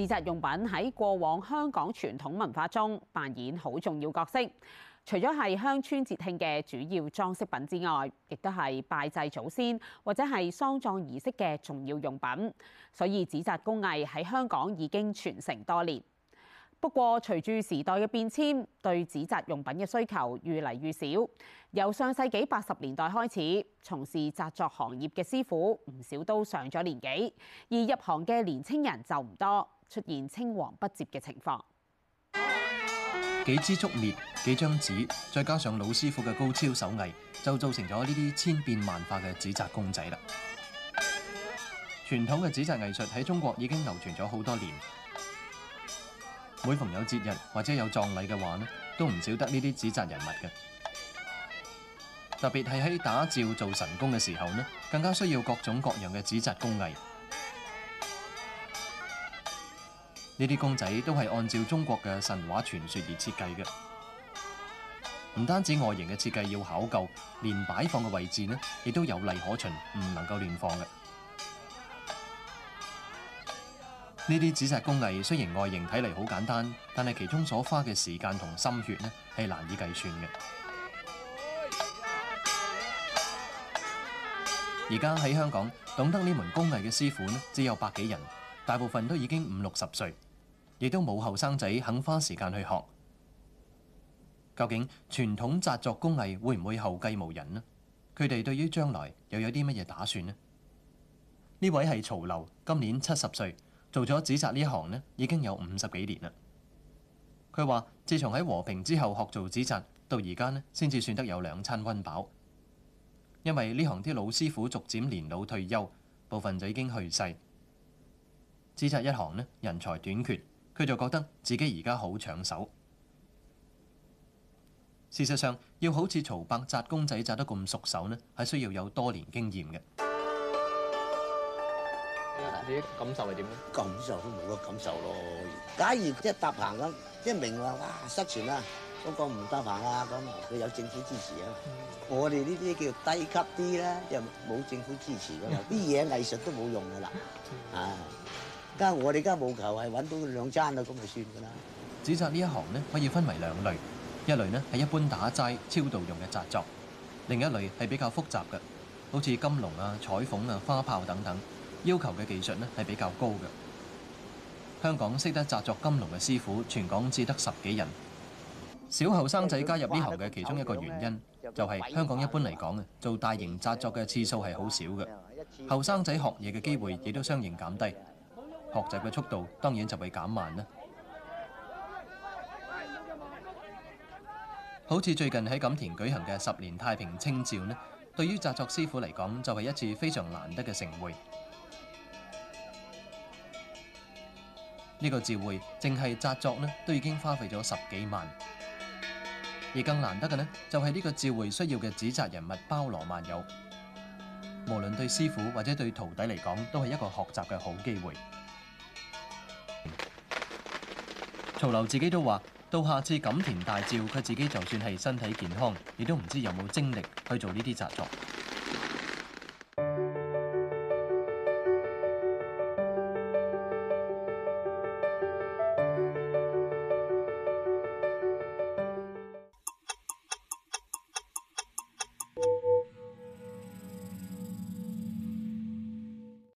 紙紮用品喺過往香港傳統文化中扮演好重要角色，除咗係鄉村節慶嘅主要裝飾品之外，亦都係拜祭祖先或者係喪葬儀式嘅重要用品。所以紙紮工藝喺香港已經傳承多年。不過，隨住時代嘅變遷，對紙紮用品嘅需求越嚟越少。由上世紀八十年代開始，從事紮作行業嘅師傅唔少都上咗年紀，而入行嘅年青人就唔多。出現青黃不接嘅情況。幾支竹篾，幾張紙，再加上老師傅嘅高超手藝，就造成咗呢啲千變萬化嘅紙紮公仔啦。傳統嘅紙紮藝術喺中國已經流傳咗好多年。每逢有節日或者有葬禮嘅話咧，都唔少得呢啲紙紮人物嘅。特別係喺打醮做神功嘅時候咧，更加需要各種各樣嘅紙紮工藝。呢啲公仔都係按照中國嘅神話傳說而設計嘅，唔單止外形嘅設計要考究，連擺放嘅位置呢，亦都有例可循，唔能夠亂放嘅。呢啲紙紮工藝雖然外形睇嚟好簡單，但係其中所花嘅時間同心血呢，係難以計算嘅。而家喺香港，懂得呢門工藝嘅師傅呢，只有百幾人，大部分都已經五六十歲。亦都冇後生仔肯花時間去學，究竟傳統紮作工藝會唔會後繼無人呢？佢哋對於將來又有啲乜嘢打算呢？呢位係曹流，今年七十歲，做咗紙紮呢行呢已經有五十幾年啦。佢話：自從喺和平之後學做紙紮，到而家呢先至算得有兩餐溫飽，因為呢行啲老師傅逐漸年老退休，部分就已經去世，紙紮一行呢人才短缺。佢就覺得自己而家好搶手。事實上，要好似曹伯紮公仔紮得咁熟手呢，係需要有多年經驗嘅。你啲感受係點呢？感受都冇乜感受咯。假如一搭棚咁，一明話哇失傳啦，嗰個唔搭棚啊咁，佢有政府支持啊。我哋呢啲叫低級啲啦，又冇政府支持㗎嘛，啲嘢藝術都冇用㗎啦，啊！而家我哋家務求係揾到兩餐啦，咁就算噶啦。指責呢一行咧，可以分為兩類，一類咧係一般打齋超度用嘅紮作，另一類係比較複雜嘅，好似金龍啊、彩鳳啊、花炮等等，要求嘅技術咧係比較高嘅。香港識得紮作金龍嘅師傅，全港只得十幾人。小後生仔加入呢行嘅其中一個原因，就係香港一般嚟講啊，做大型紮作嘅次數係好少嘅，後生仔學嘢嘅機會亦都相應減低。學習嘅速度當然就會減慢啦。好似最近喺錦田舉行嘅十年太平清醮呢，對於紮作師傅嚟講，就係一次非常難得嘅盛會。呢個醮會淨係紮作呢，都已經花費咗十幾萬，而更難得嘅呢，就係呢個醮會需要嘅紙紮人物包羅萬有，無論對師傅或者對徒弟嚟講，都係一個學習嘅好機會。曹流自己都話，到下次錦田大照，佢自己就算係身體健康，亦都唔知有冇精力去做呢啲紮作。